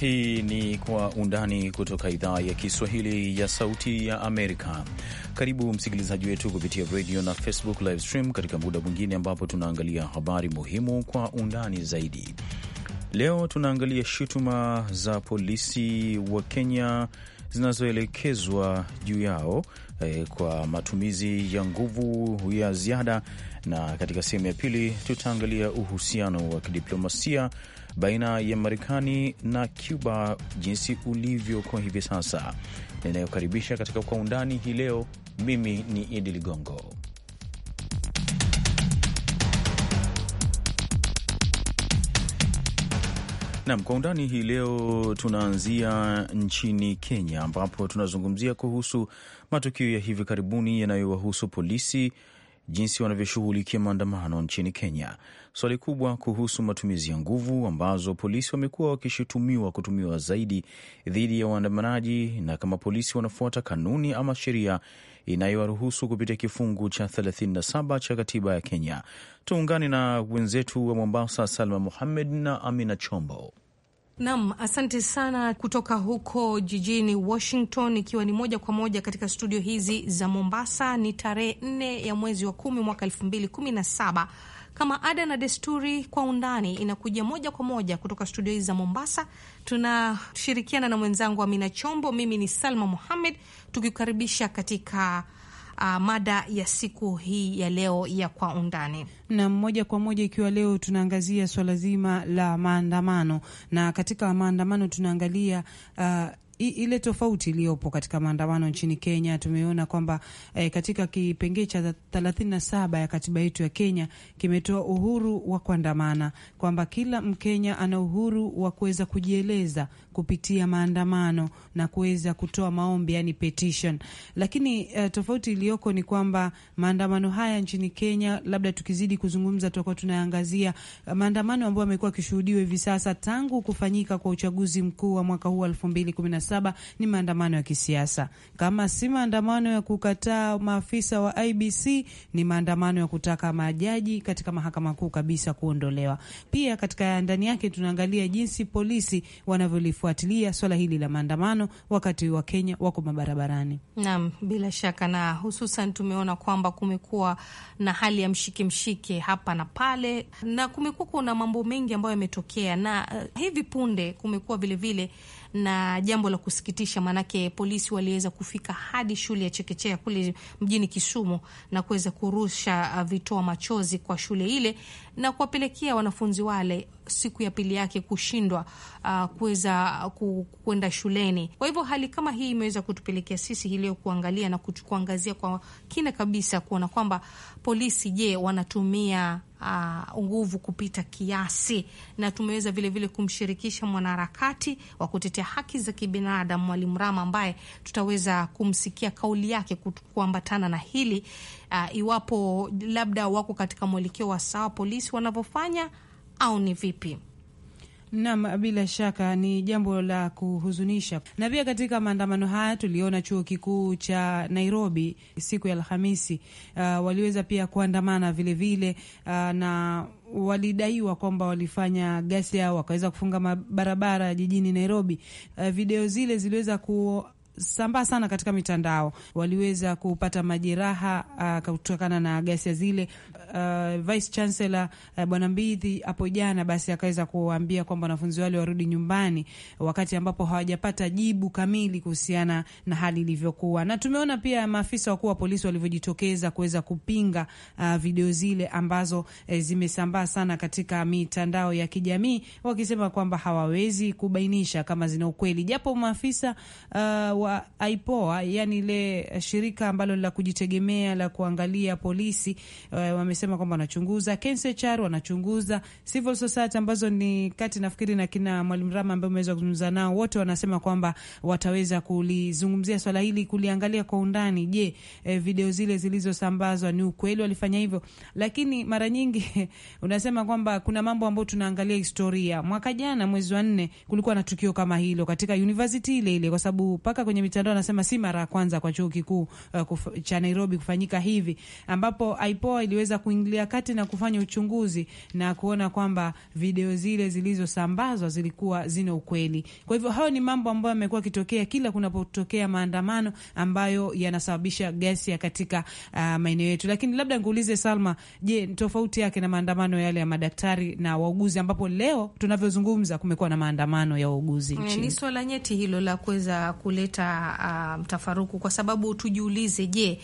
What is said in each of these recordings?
Hii ni Kwa Undani kutoka idhaa ya Kiswahili ya Sauti ya Amerika. Karibu msikilizaji wetu kupitia radio na Facebook live stream katika muda mwingine ambapo tunaangalia habari muhimu kwa undani zaidi. Leo tunaangalia shutuma za polisi wa Kenya zinazoelekezwa juu yao eh, kwa matumizi ya nguvu ya ziada, na katika sehemu ya pili tutaangalia uhusiano wa kidiplomasia baina ya Marekani na Cuba jinsi ulivyo kwa hivi sasa. Ninayokaribisha katika Kwa Undani hii leo, mimi ni Idi Ligongo. Nam, kwa undani hii leo tunaanzia nchini Kenya ambapo tunazungumzia kuhusu matukio ya hivi karibuni yanayowahusu polisi jinsi wanavyoshughulikia maandamano nchini Kenya, swali kubwa kuhusu matumizi ya nguvu ambazo polisi wamekuwa wakishutumiwa kutumiwa zaidi dhidi ya waandamanaji, na kama polisi wanafuata kanuni ama sheria inayowaruhusu kupitia kifungu cha 37 cha katiba ya Kenya. Tuungane na wenzetu wa Mombasa, Salma Muhammed na Amina Chombo. Nam, asante sana kutoka huko jijini Washington, ikiwa ni moja kwa moja katika studio hizi za Mombasa. Ni tarehe nne ya mwezi wa kumi mwaka elfu mbili kumi na saba. Kama ada na desturi, kwa undani inakuja moja kwa moja kutoka studio hizi za Mombasa. Tunashirikiana na mwenzangu Amina Chombo, mimi ni Salma Muhammed, tukikukaribisha katika uh, mada ya siku hii ya leo ya kwa undani na moja kwa moja, ikiwa leo tunaangazia swala zima la maandamano, na katika maandamano tunaangalia uh, I, ile tofauti iliyopo katika maandamano nchini Kenya tumeona kwamba eh, katika kipengee cha 37 ya katiba yetu ya Kenya kimetoa uhuru wa kuandamana, kwamba kila Mkenya ana uhuru wa kuweza kujieleza kupitia maandamano na kuweza kutoa maombi, yani petition. Lakini uh, tofauti iliyoko ni kwamba maandamano haya nchini Kenya, labda tukizidi kuzungumza, tutakuwa tunaangazia eh, maandamano ambayo yamekuwa kishuhudiwa hivi sasa tangu kufanyika kwa uchaguzi mkuu wa mwaka huu 2017 ni maandamano ya kisiasa. Kama si maandamano ya kukataa maafisa wa IBC, ni maandamano ya kutaka majaji katika mahakama kuu kabisa kuondolewa. Pia katika eh, ndani yake tunaangalia jinsi polisi wanavyolifua kufuatilia swala hili la maandamano wakati wa Kenya wako mabarabarani. Naam, bila shaka, na hususan tumeona kwamba kumekuwa na hali ya mshike mshike hapa na pale, na kumekuwa kuna mambo mengi ambayo yametokea, na uh, hivi punde kumekuwa vilevile na jambo la kusikitisha, maanake polisi waliweza kufika hadi shule ya chekechea kule mjini Kisumu na kuweza kurusha eh, vitoa machozi kwa shule ile na kuwapelekea wanafunzi wale siku ya pili yake kushindwa uh, kuweza uh, kwenda shuleni. Kwa hivyo hali kama hii imeweza kutupelekea sisi hii kuangalia na kuangazia kwa kina kabisa kuona kwamba polisi, je, wanatumia uh, nguvu kupita kiasi, na tumeweza vilevile kumshirikisha mwanaharakati wa kutetea haki za kibinadamu Mwalimu Rama ambaye tutaweza kumsikia kauli yake kuambatana na hili uh, iwapo labda wako katika mwelekeo wa sawa polisi polisi wanavyofanya au ni vipi? Nam, bila shaka ni jambo la kuhuzunisha. Na pia katika maandamano haya tuliona chuo kikuu cha Nairobi siku ya Alhamisi, uh, waliweza pia kuandamana vilevile uh, na walidaiwa kwamba walifanya ghasia, wakaweza kufunga mabarabara jijini Nairobi. Uh, video zile ziliweza ku zimesambaa sana katika mitandao. Waliweza kupata majeraha uh, kutokana na ghasia zile. Uh, Vice Chancellor uh, Bwana Mbithi hapo jana basi akaweza kuwaambia kwamba wanafunzi wale warudi nyumbani, wakati ambapo hawajapata jibu kamili kuhusiana na hali ilivyokuwa, na tumeona pia maafisa wakuu wa polisi walivyojitokeza kuweza kupinga uh, video zile ambazo eh, zimesambaa sana katika mitandao ya kijamii wakisema kwamba hawawezi kubainisha kama zina ukweli, japo maafisa uh, wa IPOA, yani ile eh, shirika ambalo la kujitegemea la kuangalia polisi, uh, wamesema kwamba wanachunguza KNCHR, wanachunguza civil society ambazo ni kati nafikiri na kina Mwalimu Rama ambaye umeweza kuzungumza nao, wote wanasema kwamba wataweza kulizungumzia swala hili, kuliangalia kwa undani. Je, eh, video zile zilizosambazwa ni ukweli walifanya hivyo? Lakini mara nyingi unasema kwamba kuna mambo ambayo tunaangalia historia. Mwaka jana mwezi wa nne kulikuwa na tukio kama hilo katika university ile ile, kwa sababu paka kwenye kwenye mitandao anasema si mara ya kwanza kwa chuo kikuu uh, kuf, cha Nairobi kufanyika hivi, ambapo IPOA iliweza kuingilia kati na kufanya uchunguzi na kuona kwamba video zile zilizosambazwa zilikuwa zina ukweli. Kwa hivyo hayo ni mambo ambayo yamekuwa kitokea kila kunapotokea maandamano ambayo yanasababisha ghasia katika uh, maeneo yetu. Lakini labda nikuulize Salma, je, tofauti yake na maandamano yale ya madaktari na wauguzi, ambapo leo tunavyozungumza kumekuwa na maandamano ya wauguzi eh, nchini. Ni swala nyeti hilo la kuweza kuleta kuleta uh, ah, mtafaruku, kwa sababu tujiulize, je,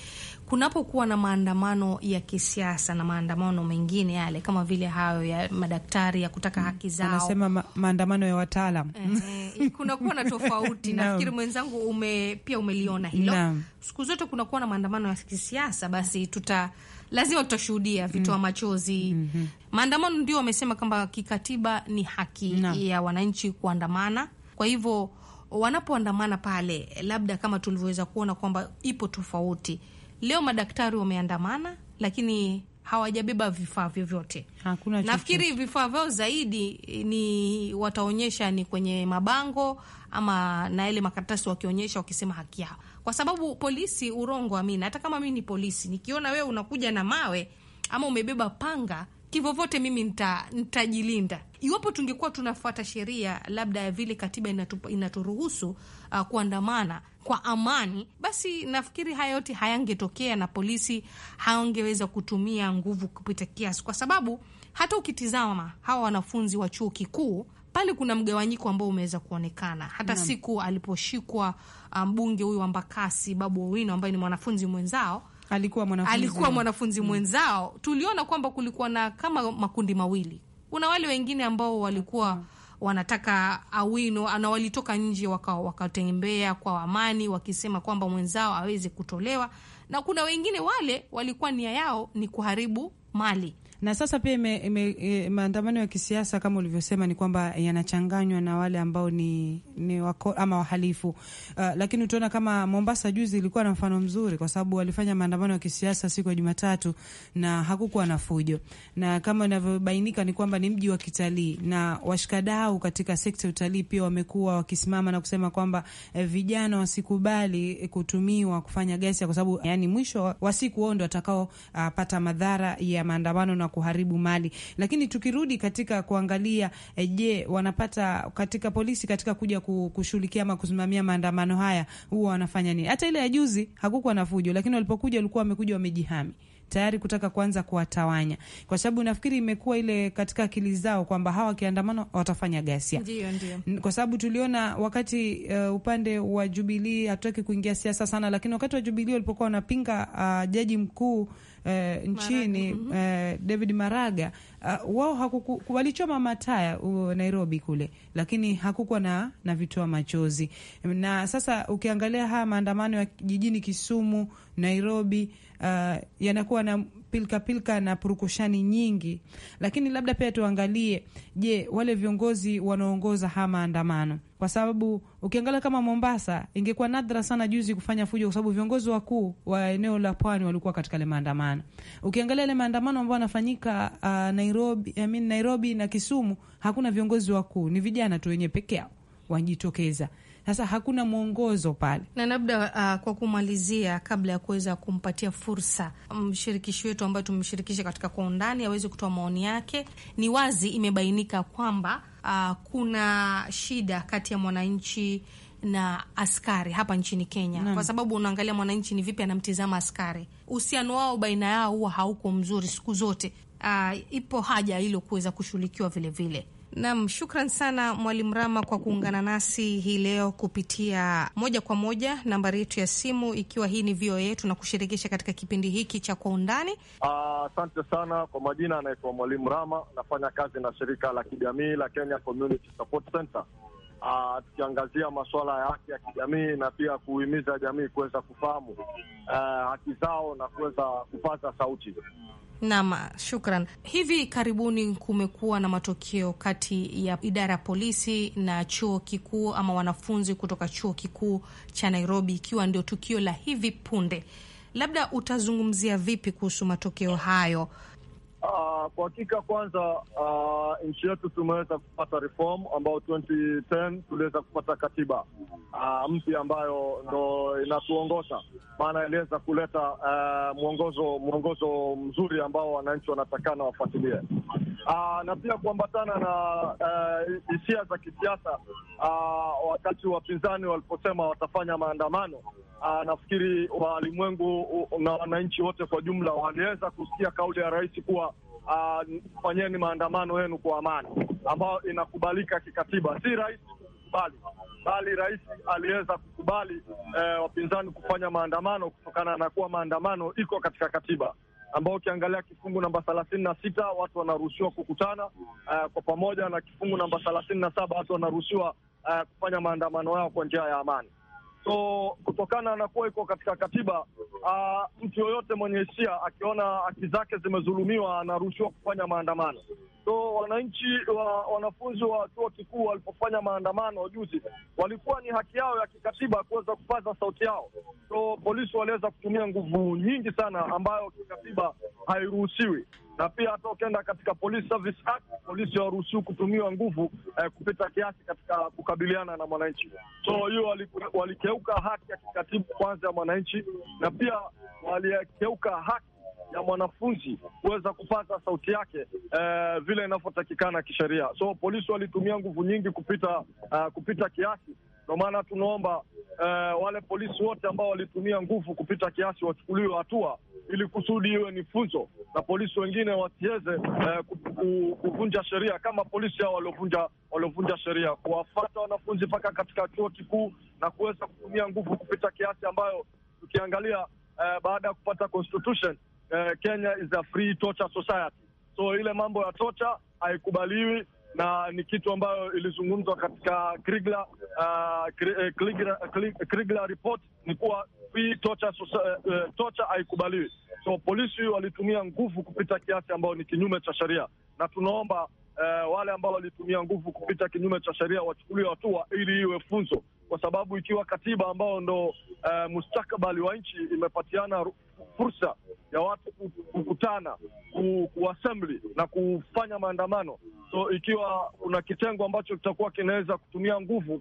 kunapokuwa na maandamano ya kisiasa na maandamano mengine yale kama vile hayo ya madaktari ya kutaka mm, haki zao, anasema ma maandamano ya wataalam eh, eh kunakuwa na tofauti no. Nafikiri mwenzangu ume, pia umeliona hilo no. Siku zote kunakuwa na maandamano ya kisiasa, basi tuta lazima tutashuhudia vitoa mm. machozi mm -hmm. Maandamano ndio wamesema kwamba kikatiba ni haki no. ya wananchi kuandamana, kwa hivyo wanapoandamana pale, labda kama tulivyoweza kuona kwamba ipo tofauti leo, madaktari wameandamana lakini hawajabeba vifaa vyovyote. Nafikiri vifaa vyao zaidi ni wataonyesha ni kwenye mabango ama na yale makaratasi, wakionyesha wakisema haki yao, kwa sababu polisi, urongo amina, hata kama mi ni polisi, nikiona wewe unakuja na mawe ama umebeba panga kivyovyote mimi ntajilinda nitajilinda. Iwapo tungekuwa tunafuata sheria labda ya vile katiba inaturuhusu uh, kuandamana kwa amani, basi nafikiri haya yote hayangetokea na polisi hawangeweza kutumia nguvu kupita kiasi, kwa sababu hata ukitizama hawa wanafunzi wa chuo kikuu pale kuna mgawanyiko ambao umeweza kuonekana hata siku aliposhikwa uh, mbunge um, huyu wa Mbakasi Babu Owino ambaye ni mwanafunzi mwenzao alikuwa mwanafunzi, alikuwa mwanafunzi mwenzao. Tuliona kwamba kulikuwa na kama makundi mawili, kuna wale wengine ambao walikuwa wanataka Awino na walitoka nje wakatembea waka kwa amani wakisema kwamba mwenzao aweze kutolewa, na kuna wengine wale walikuwa nia yao ni kuharibu mali na sasa pia ime, ime, ime, maandamano ya kisiasa kama ulivyosema ni kwamba yanachanganywa na wale ambao ni, ni wako, ama wahalifu uh, lakini utaona kama Mombasa juzi ilikuwa na mfano mzuri, kwa sababu walifanya maandamano ya kisiasa siku ya Jumatatu na hakukuwa na fujo, na kama inavyobainika ni kwamba ni mji wa kitalii, na washikadau katika sekta ya utalii pia wamekuwa wakisimama na kusema kwamba eh, vijana wasikubali kutumiwa kufanya ghasia, kwa sababu yani mwisho wa siku wao ndio watakao uh, pata madhara ya maandamano na kuharibu mali. Lakini tukirudi katika kuangalia e, je, wanapata katika polisi katika kuja kushughulikia ama kusimamia maandamano haya huwa wanafanya nini? Hata ile ya juzi hakukuwa na fujo, lakini walipokuja walikuwa wamekuja wamejihami tayari kutaka kuanza kuwatawanya, kwa sababu nafikiri imekuwa ile katika akili zao kwamba hawa wakiandamana watafanya ghasia. Ndio, ndio, kwa sababu tuliona wakati uh, upande wa Jubilii, hatutaki kuingia siasa sana, lakini wakati wa Jubilii walipokuwa wanapinga uh, jaji mkuu eh, nchini mhm. Eh, David Maraga uh, wao hakuku, walichoma mataya uh, Nairobi kule, lakini hakukuwa na, na vitoa machozi. Na sasa ukiangalia haya maandamano ya jijini Kisumu, Nairobi uh, yanakuwa na pilka pilka na purukushani nyingi, lakini labda pia tuangalie, je, wale viongozi wanaongoza haya maandamano kwa sababu ukiangalia kama Mombasa, ingekuwa nadra sana juzi kufanya fujo, kwa sababu viongozi wakuu wa eneo la pwani walikuwa katika ile maandamano. Ukiangalia ile maandamano ambayo yanafanyika uh, Nairobi, I mean Nairobi na Kisumu, hakuna viongozi wakuu, ni vijana tu wenyewe peke yao wajitokeza. Sasa hakuna mwongozo pale. Na labda uh, kwa kumalizia, kabla ya kuweza kumpatia fursa um, mshirikishi wetu ambaye tumemshirikisha katika kwa undani aweze kutoa maoni yake, ni wazi imebainika kwamba uh, kuna shida kati ya mwananchi na askari hapa nchini Kenya Nani. Kwa sababu unaangalia mwananchi ni vipi anamtizama askari, uhusiano wao baina yao huwa hauko mzuri siku zote, uh, ipo haja hilo kuweza kushughulikiwa vilevile. Nam, shukran sana Mwalimu Rama kwa kuungana nasi hii leo kupitia moja kwa moja nambari yetu ya simu, ikiwa hii ni VOA kushirikisha katika kipindi hiki cha kwa undani. Asante uh, sana kwa majina, anaitwa Mwalimu Rama, nafanya kazi na shirika la kijamii la Kenya Community Support Center, uh, tukiangazia masuala ya haki ya kijamii na pia kuhimiza jamii kuweza kufahamu uh, haki zao na kuweza kupata sauti nam shukran. Hivi karibuni kumekuwa na matokeo kati ya idara ya polisi na chuo kikuu ama wanafunzi kutoka chuo kikuu cha Nairobi, ikiwa ndio tukio la hivi punde. Labda utazungumzia vipi kuhusu matokeo hayo? Uh, kwa hakika kwanza, uh, nchi yetu tumeweza kupata reform ambayo 2010 tuliweza kupata katiba uh, mpya ambayo ndo inatuongoza, maana iliweza kuleta uh, mwongozo mwongozo mzuri ambao wananchi wanatakana wafuatilie, uh, na pia kuambatana na eh, hisia uh, za kisiasa uh, wakati wapinzani waliposema watafanya maandamano Uh, nafikiri walimwengu uh, na wananchi wote kwa jumla waliweza kusikia kauli ya rais kuwa uh, fanyeni maandamano yenu kwa amani, ambayo inakubalika kikatiba. Si rais kukubali, bali rais aliweza kukubali eh, wapinzani kufanya maandamano kutokana na kuwa maandamano iko katika katiba ambao ukiangalia kifungu namba thelathini na sita watu wanaruhusiwa kukutana uh, kwa pamoja na kifungu namba thelathini na saba watu wanaruhusiwa uh, kufanya maandamano yao kwa njia ya amani. So kutokana na kuwa iko katika katiba, uh, mtu yoyote mwenye hisia akiona haki zake zimezulumiwa anaruhusiwa kufanya maandamano. So wananchi wa wanafunzi wa chuo kikuu walipofanya maandamano juzi, walikuwa ni haki yao ya kikatiba kuweza kupaza sauti yao. So polisi waliweza kutumia nguvu nyingi sana ambayo kikatiba hairuhusiwi na pia hata ukienda katika Police Service Act, polisi hawaruhusiwi kutumiwa nguvu eh, kupita kiasi katika kukabiliana na mwananchi. So hiyo walikeuka haki ya kikatibu kwanza ya mwananchi, na pia walikeuka haki ya mwanafunzi kuweza kupata sauti yake eh, vile inavyotakikana kisheria. So polisi walitumia nguvu nyingi kupita, uh, kupita kiasi ndio maana tunaomba eh, wale polisi wote ambao walitumia nguvu kupita kiasi wachukuliwe hatua, ili kusudi iwe ni funzo na polisi wengine wasiweze eh, kuvunja sheria kama polisi hao waliovunja waliovunja sheria, kuwafata wanafunzi mpaka katika chuo kikuu na kuweza kutumia nguvu kupita kiasi, ambayo tukiangalia eh, baada ya kupata constitution eh, Kenya is a free torture society, so ile mambo ya tocha haikubaliwi na ni kitu ambayo ilizungumzwa katika Krigla, uh, Kriegler, eh, eh, report ni kuwa hii tocha uh, tocha haikubaliwi. So polisi walitumia nguvu kupita kiasi ambayo ni kinyume cha sheria, na tunaomba eh, wale ambao walitumia nguvu kupita kinyume cha sheria wachukuliwe hatua ili iwe funzo, kwa sababu ikiwa katiba ambayo ndo eh, mustakabali wa nchi imepatiana fursa ya watu kukutana ku, na kufanya maandamano. So ikiwa kuna kitengo ambacho kitakuwa kinaweza kutumia nguvu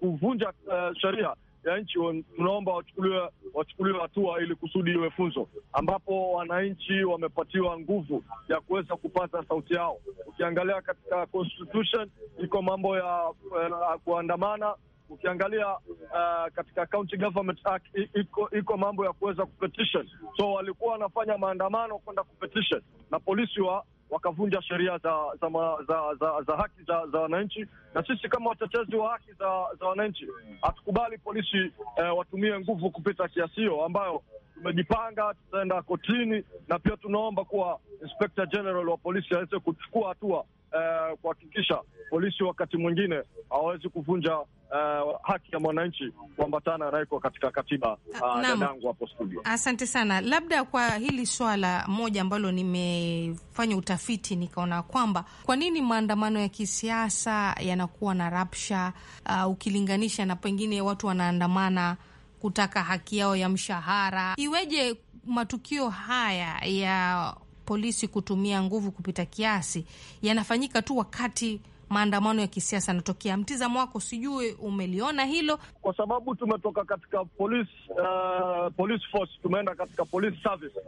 kuvunja uh, sheria ya nchi, tunaomba wachukuliwe wachukuliwe hatua ili kusudi iwe funzo, ambapo wananchi wamepatiwa nguvu ya kuweza kupata sauti yao. Ukiangalia katika constitution iko mambo ya uh, kuandamana ukiangalia uh, katika county government act iko, iko mambo ya kuweza kupetition. So walikuwa wanafanya maandamano kwenda kupetition, na polisi wa wakavunja sheria za za, za za za haki za, za wananchi. Na sisi kama watetezi wa haki za, za wananchi hatukubali polisi eh, watumie nguvu kupita kiasi hiyo ambayo tumejipanga, tutaenda kotini, na pia tunaomba kuwa Inspector General wa polisi aweze kuchukua hatua eh, kuhakikisha polisi wakati mwingine hawawezi kuvunja Uh, haki ya mwananchi kuambatana naiko katika katiba uh, hapo studio. Asante sana. Labda kwa hili swala moja ambalo nimefanya utafiti nikaona kwamba kwa nini maandamano ya kisiasa yanakuwa na rapsha uh, ukilinganisha na pengine watu wanaandamana kutaka haki yao ya mshahara. Iweje matukio haya ya polisi kutumia nguvu kupita kiasi yanafanyika tu wakati maandamano ya kisiasa yanatokea. Mtizamo wako sijui umeliona hilo? Kwa sababu tumetoka katika police, uh, police force tumeenda katika police service,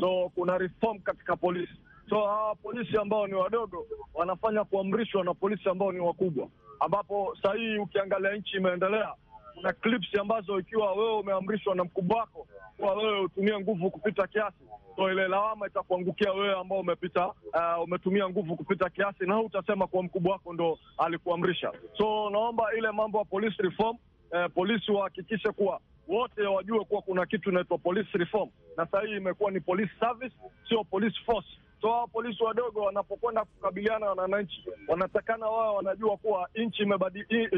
so kuna reform katika polisi. So hawa uh, polisi ambao ni wadogo wanafanya kuamrishwa na polisi ambao ni wakubwa, ambapo sahihi ukiangalia nchi imeendelea na clips ambazo ikiwa wewe umeamrishwa na mkubwa wako kuwa wewe utumie nguvu kupita kiasi, so ile lawama itakuangukia wewe ambao umepita, uh, umetumia nguvu kupita kiasi, na utasema kuwa mkubwa wako ndo alikuamrisha. So naomba ile mambo ya police reform, eh, uh, polisi wahakikishe kuwa wote wajue kuwa kuna kitu inaitwa police reform, na sasa hii imekuwa ni police service, sio police force. So hawa polisi wadogo wanapokwenda kukabiliana na wananchi, wanatakana wao wanajua kuwa nchi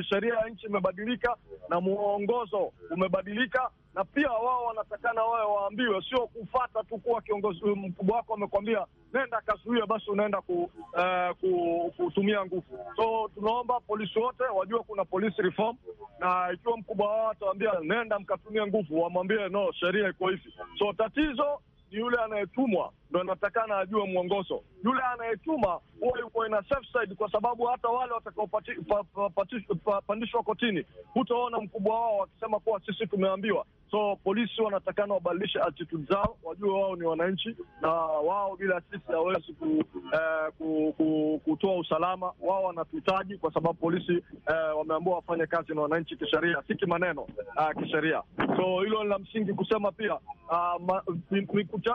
sheria ya nchi imebadilika na mwongozo umebadilika, na pia wao wanatakana wao waambiwe, sio kufata tu kuwa kiongozi um, mkubwa wako amekwambia nenda kazuia, basi unaenda ku, eh, ku, kutumia nguvu. So tunaomba polisi wote wajue kuna police reform, na ikiwa mkubwa wao atawambia nenda mkatumia nguvu, wamwambie no, sheria iko hivi. So tatizo ni yule anayetumwa ndo inatakana ajue mwongozo. Yule anayechuma huwa yuko ina safe side, kwa sababu hata wale watakaopandishwa kotini hutaona mkubwa wao wakisema kuwa sisi tumeambiwa. So polisi wanatakana wabadilishe attitude zao, wajue wao ni wananchi, na wao bila sisi awezi ku, eh, ku, ku, kutoa usalama. Wao wanatuhitaji kwa sababu polisi eh, wameambiwa wafanye kazi na wananchi kisheria, si kimaneno, eh, kisheria. So hilo ni la msingi kusema pia, ah, ma,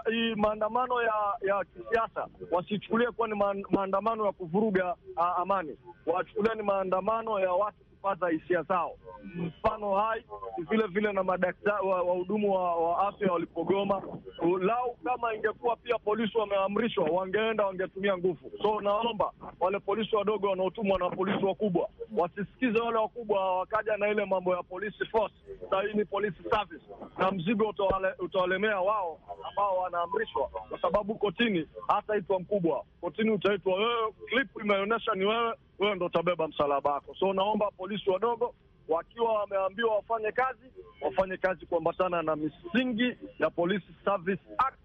hii maandamano ya ya kisiasa wasichukulie kuwa ni maandamano ya kuvuruga amani, wachukulia ni maandamano ya watu kupata hisia zao. Mfano hai vile vile na madaktari wahudumu wa, wa, wa afya walipogoma. Lau kama ingekuwa pia polisi wameamrishwa, wangeenda wangetumia nguvu. So naomba wale polisi wadogo wanaotumwa na polisi wakubwa wasisikize wale wakubwa, wakaja na ile mambo ya polisi force. hii ni polisi service, na mzigo utawale, utawalemea wao ambao wanaamrishwa, kwa sababu kotini hataitwa mkubwa, kotini utaitwa wewe, eh, clip imeonyesha ni wewe wewe ndo utabeba msalaba wako. So naomba polisi wadogo wakiwa wameambiwa wafanye kazi, wafanye kazi kuambatana na misingi ya Police Service Act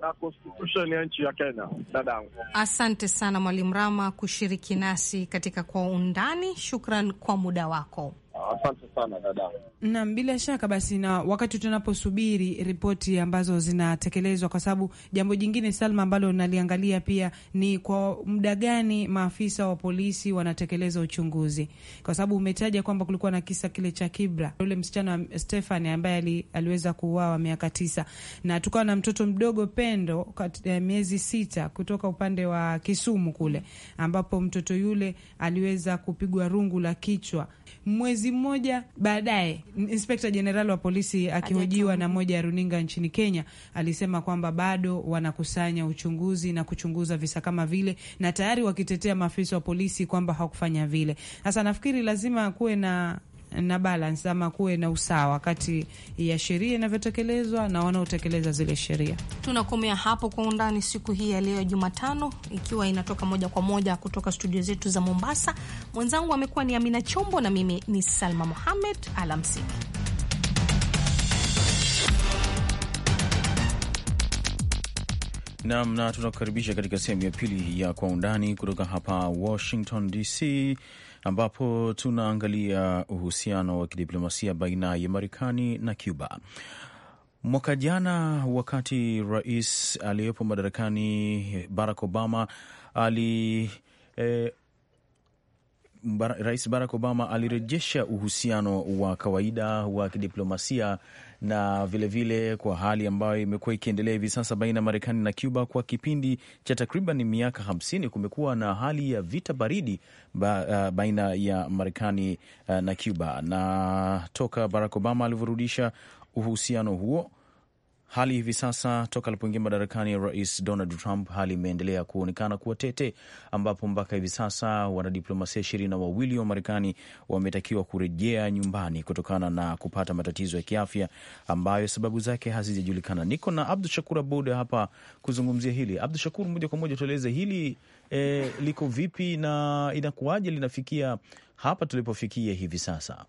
na constitution ya nchi ya Kenya. Dadangu, asante sana Mwalimu Rama kushiriki nasi katika kwa undani. Shukran kwa muda wako. Asante sana dada. Naam, bila shaka basi, na wakati tunaposubiri ripoti ambazo zinatekelezwa, kwa sababu jambo jingine Salma, ambalo naliangalia pia ni kwa muda gani maafisa wa polisi wanatekeleza uchunguzi, kwa sababu umetaja kwamba kulikuwa na kisa kile cha Kibra, yule msichana Stefani ambaye ali, aliweza kuuawa miaka tisa, na tukawa na mtoto mdogo Pendo kat, eh, miezi sita kutoka upande wa Kisumu kule ambapo mtoto yule aliweza kupigwa rungu la kichwa mwezi mmoja baadaye, inspekta jenerali wa polisi akihojiwa na moja ya runinga nchini Kenya alisema kwamba bado wanakusanya uchunguzi na kuchunguza visa kama vile, na tayari wakitetea maafisa wa polisi kwamba hawakufanya vile. Sasa nafikiri lazima kuwe na na balance ama kuwe na usawa kati ya sheria inavyotekelezwa na wanaotekeleza zile sheria. Tunakomea hapo kwa undani siku hii ya leo Jumatano, ikiwa inatoka moja kwa moja kutoka studio zetu za Mombasa. Mwenzangu amekuwa ni Amina Chombo na mimi ni Salma Mohamed. Alamsiki. Nam na tunakukaribisha katika sehemu ya pili ya Kwa Undani kutoka hapa Washington DC, ambapo tunaangalia uhusiano wa kidiplomasia baina ya Marekani na Cuba. Mwaka jana wakati rais aliyepo madarakani Barack Obama ali eh, Rais Barack Obama alirejesha uhusiano wa kawaida wa kidiplomasia na vilevile vile kwa hali ambayo imekuwa ikiendelea hivi sasa baina ya Marekani na Cuba kwa kipindi cha takriban miaka hamsini, kumekuwa na hali ya vita baridi ba, uh, baina ya Marekani uh, na Cuba na toka Barack Obama alivyorudisha uhusiano huo Hali hivi sasa toka alipoingia madarakani Rais Donald Trump, hali imeendelea kuonekana kuwa tete, ambapo mpaka hivi sasa wanadiplomasia ishirini na wawili wa Marekani wametakiwa kurejea nyumbani kutokana na kupata matatizo ya kiafya ambayo sababu zake hazijajulikana. Niko na Abdu Shakur Abud hapa kuzungumzia hili. Abdu Shakur, moja kwa moja tueleze hili e, liko vipi na inakuwaje linafikia hapa tulipofikia hivi sasa?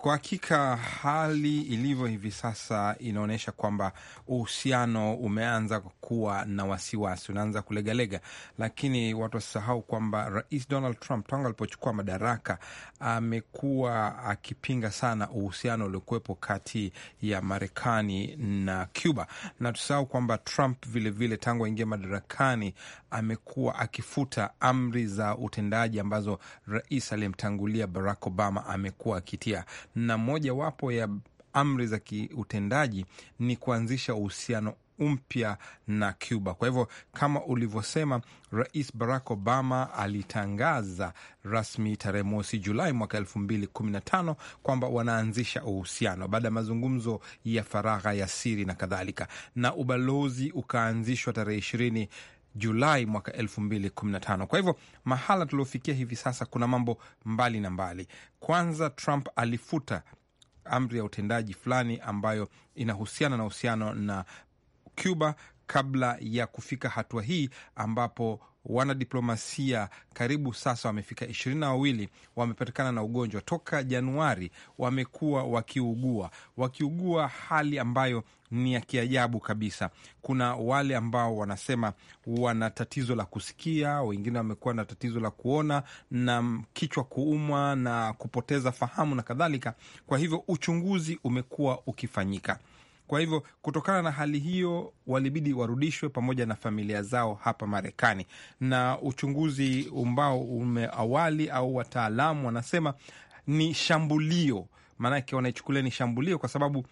Kwa hakika hali ilivyo hivi sasa inaonyesha kwamba uhusiano umeanza kuwa na wasiwasi, unaanza kulegalega, lakini watu wasisahau kwamba Rais Donald Trump tangu alipochukua madaraka amekuwa akipinga sana uhusiano uliokuwepo kati ya Marekani na Cuba, na tusahau kwamba Trump vilevile tangu aingia madarakani amekuwa akifuta amri za utendaji ambazo rais aliyemtangulia Barack Obama amekuwa akitia na mojawapo ya amri za kiutendaji ni kuanzisha uhusiano mpya na Cuba. Kwa hivyo kama ulivyosema, Rais Barack Obama alitangaza rasmi tarehe mosi Julai mwaka elfu mbili kumi na tano kwamba wanaanzisha uhusiano baada ya mazungumzo ya faragha ya siri na kadhalika, na ubalozi ukaanzishwa tarehe ishirini Julai mwaka 2015. Kwa hivyo mahala tuliofikia hivi sasa kuna mambo mbali na mbali. Kwanza, Trump alifuta amri ya utendaji fulani ambayo inahusiana na uhusiano na Cuba kabla ya kufika hatua hii ambapo wanadiplomasia karibu sasa wamefika ishirini na wawili wamepatikana na ugonjwa toka Januari. Wamekuwa wakiugua wakiugua, hali ambayo ni ya kiajabu kabisa. Kuna wale ambao wanasema wana tatizo la kusikia, wengine wamekuwa na tatizo la kuona na kichwa kuumwa na kupoteza fahamu na kadhalika. Kwa hivyo uchunguzi umekuwa ukifanyika. Kwa hivyo kutokana na hali hiyo, walibidi warudishwe pamoja na familia zao hapa Marekani, na uchunguzi ambao umeawali au wataalamu wanasema ni shambulio, maanake wanaichukulia ni shambulio kwa sababu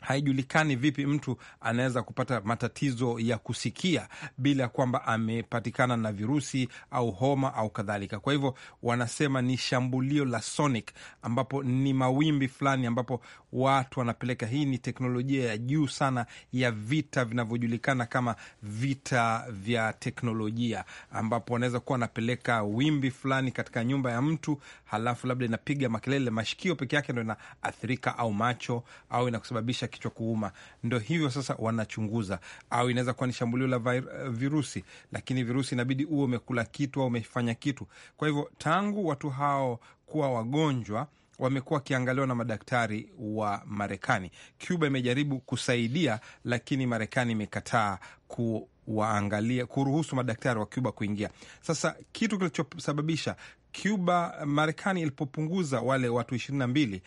haijulikani vipi mtu anaweza kupata matatizo ya kusikia bila kwamba amepatikana na virusi au homa au kadhalika. Kwa hivyo wanasema ni shambulio la sonic, ambapo ni mawimbi fulani ambapo watu wanapeleka. Hii ni teknolojia ya juu sana ya vita vinavyojulikana kama vita vya teknolojia, ambapo wanaweza kuwa wanapeleka wimbi fulani katika nyumba ya mtu, halafu labda inapiga makelele, mashikio peke yake ndo inaathirika au macho au inakusababisha kichwa kuuma, ndo hivyo sasa wanachunguza, au inaweza kuwa ni shambulio la virusi, lakini virusi inabidi huo umekula kitu au umefanya kitu. Kwa hivyo tangu watu hao kuwa wagonjwa wamekuwa wakiangaliwa na madaktari wa Marekani. Cuba imejaribu kusaidia, lakini Marekani imekataa kuwaangalia, kuruhusu madaktari wa Cuba kuingia. Sasa kitu kilichosababisha Cuba, Marekani ilipopunguza wale watu ishirini na mbili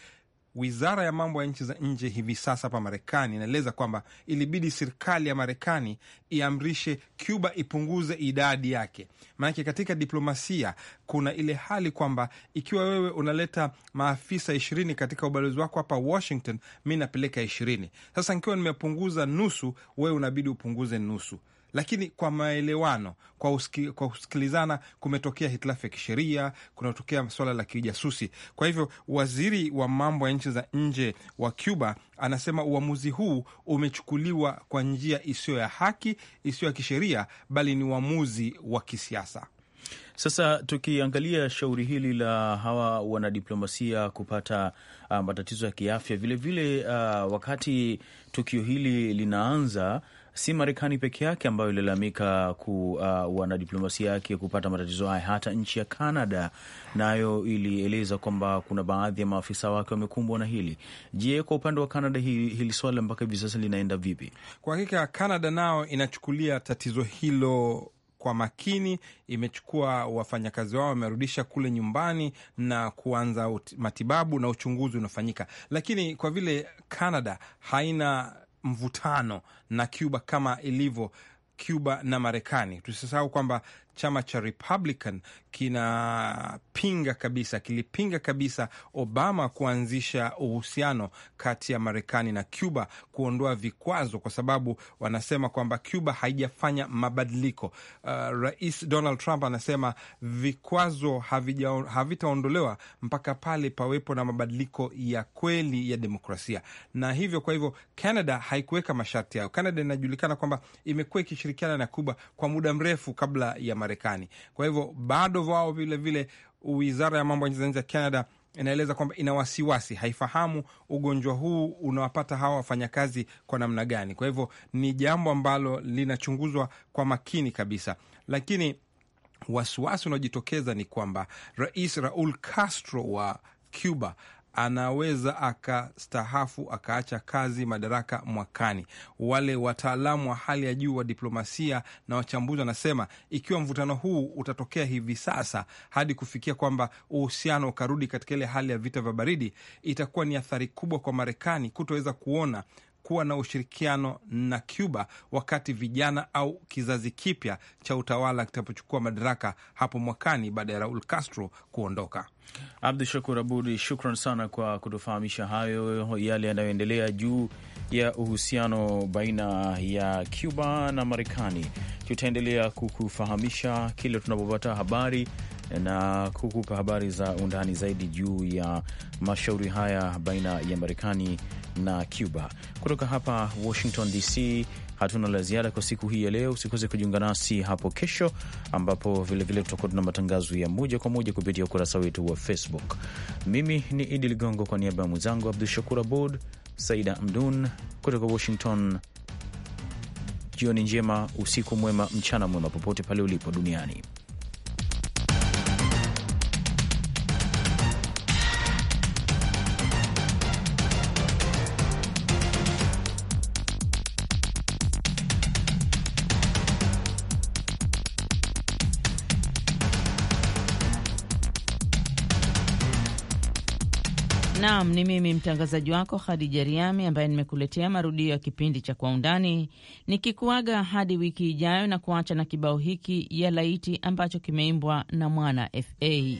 Wizara ya mambo ya nchi za nje hivi sasa hapa Marekani inaeleza kwamba ilibidi serikali ya Marekani iamrishe Cuba ipunguze idadi yake, maanake katika diplomasia kuna ile hali kwamba ikiwa wewe unaleta maafisa ishirini katika ubalozi wako hapa Washington, mi napeleka ishirini. Sasa nikiwa nimepunguza nusu, wewe unabidi upunguze nusu lakini kwa maelewano, kwa, uski, kwa usikilizana, kumetokea hitilafu ya kisheria, kunatokea swala la kijasusi. Kwa hivyo waziri wa mambo ya nchi za nje wa Cuba anasema uamuzi huu umechukuliwa kwa njia isiyo ya haki, isiyo ya kisheria, bali ni uamuzi wa kisiasa. Sasa tukiangalia shauri hili la hawa wanadiplomasia kupata ah, matatizo ya kiafya vilevile vile, uh, wakati tukio hili linaanza si Marekani peke yake ambayo ililalamika kuwa uh, diplomasia yake kupata matatizo haya. Hata nchi ya Canada nayo ilieleza kwamba kuna baadhi ya maafisa wake wamekumbwa na hili. Je, kwa upande wa Canada hili, hili swala mpaka hivi sasa linaenda vipi? Kwa hakika Canada nao inachukulia tatizo hilo kwa makini. Imechukua wafanyakazi wao, wamerudisha kule nyumbani na kuanza matibabu na uchunguzi unafanyika, lakini kwa vile Canada haina mvutano na Cuba kama ilivyo Cuba na Marekani. Tusisahau kwamba chama cha Republican kinapinga kabisa, kilipinga kabisa Obama kuanzisha uhusiano kati ya Marekani na Cuba, kuondoa vikwazo, kwa sababu wanasema kwamba Cuba haijafanya mabadiliko. Uh, Rais Donald Trump anasema vikwazo havitaondolewa mpaka pale pawepo na mabadiliko ya kweli ya demokrasia, na hivyo kwa hivyo Canada haikuweka masharti yayo Canada inajulikana kwamba imekuwa ikishirikiana na Cuba kwa muda mrefu kabla ya Marekani, kwa hivyo bado hivyo wao vilevile, wizara ya mambo ya nchi za nje ya Canada inaeleza kwamba ina wasiwasi, haifahamu ugonjwa huu unawapata hawa wafanyakazi kwa namna gani. Kwa hivyo ni jambo ambalo linachunguzwa kwa makini kabisa, lakini wasiwasi unaojitokeza ni kwamba Rais Raul Castro wa Cuba anaweza akastahafu akaacha kazi madaraka mwakani. Wale wataalamu wa hali ya juu wa diplomasia na wachambuzi wanasema ikiwa mvutano huu utatokea hivi sasa hadi kufikia kwamba uhusiano ukarudi katika ile hali ya vita vya baridi, itakuwa ni athari kubwa kwa Marekani kutoweza kuona kuwa na ushirikiano na Cuba wakati vijana au kizazi kipya cha utawala kitapochukua madaraka hapo mwakani baada ya Raul Castro kuondoka. Abdu Shakur Abudi, shukran sana kwa kutufahamisha hayo yale yanayoendelea juu ya uhusiano baina ya Cuba na Marekani. Tutaendelea kukufahamisha kile tunapopata habari na kukupa habari za undani zaidi juu ya mashauri haya baina ya Marekani na Cuba. Kutoka hapa Washington DC, hatuna la ziada kwa siku hii ya leo. Usikose kujiunga nasi hapo kesho, ambapo vilevile tutakuwa tuna matangazo ya moja kwa moja kupitia ukurasa wetu wa Facebook. Mimi ni Idi Ligongo, kwa niaba ya mwenzangu Abdu Shakur Abud. Saida Amdun kutoka Washington. Jioni njema, usiku mwema, mchana mwema, popote pale ulipo duniani. Naam, ni mimi mtangazaji wako Khadija Riami ambaye nimekuletea marudio ya kipindi cha Kwa Undani, nikikuaga hadi wiki ijayo na kuacha na kibao hiki ya laiti ambacho kimeimbwa na Mwana FA.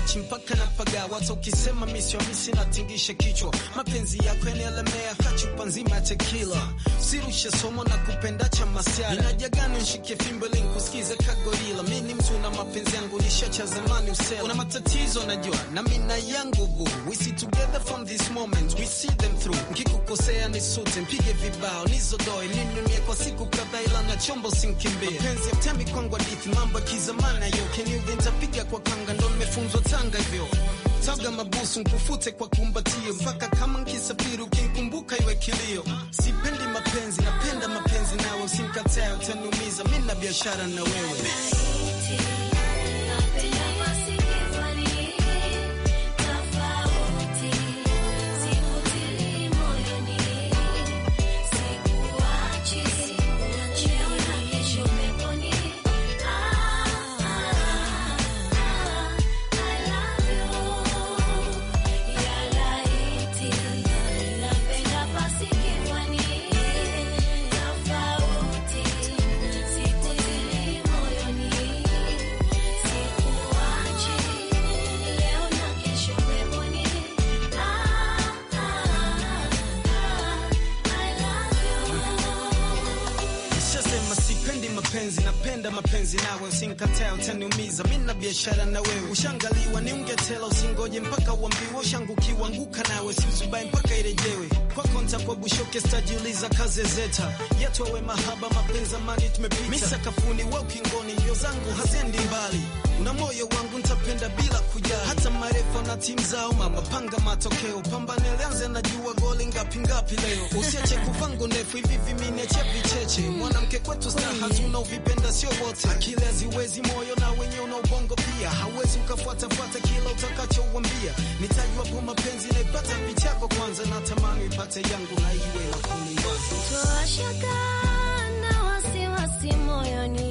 wachi mpaka napaga wata, ukisema misi natingisha kichwa, mapenzi yako yanielemea kachupa nzima ya tekila, sirushe somo na kupenda cha masiara, inajagana nshike fimbo ili nikusikize kagorila, mi ni mtu na mapenzi yangu lisha cha zamani, usema una matatizo najua na mina yangu bu. we see together from this moment, we see them through, nkikukosea nisute mpige vibao nizodoe ninunie kwa siku kadhaa ila na chombo sinkimbia mapenzi ya temi kwangu hadithi, mambo ya kizamani yo keniuventapiga kwa kanga ndo nimefunzwa Tanga hivyo taga mabusu nkufute kwa kumbatio mpaka kama nkisafiri ukinkumbuka iwe kilio. Sipendi mapenzi, napenda mapenzi nawe, usimkatae utaniumiza, mina biashara na wewe usinikataa utaniumiza, mimi na biashara na wewe, ushangaliwa ni ungetela, usingoje mpaka uambiwe, ushangukiwa kiwanguka nawe siuzubai mpaka irejewe kwa ntakuabushoke stajiuliza kaze zeta yatwawe mahaba mapenzi amani tumepita, mimi sakafuni wa ukingoni, ndio zangu haziendi mbali na moyo wangu nitapenda bila kuja hata marefa na timu zao. Mama panga matokeo, pambane lianze, jua goli ngapi ngapi leo. Usiache kuvangu ndefu hivi vimine chevicheche, mwanamke kwetu staha tuna uvipenda sio wote, akili haziwezi moyo na wenye una ubongo pia, hauwezi ukafuatafuata kila utakachouambia. Nitajua mapenzi naipata ipata yako kwanza, tamani ipate yangu na iwe ya moyoni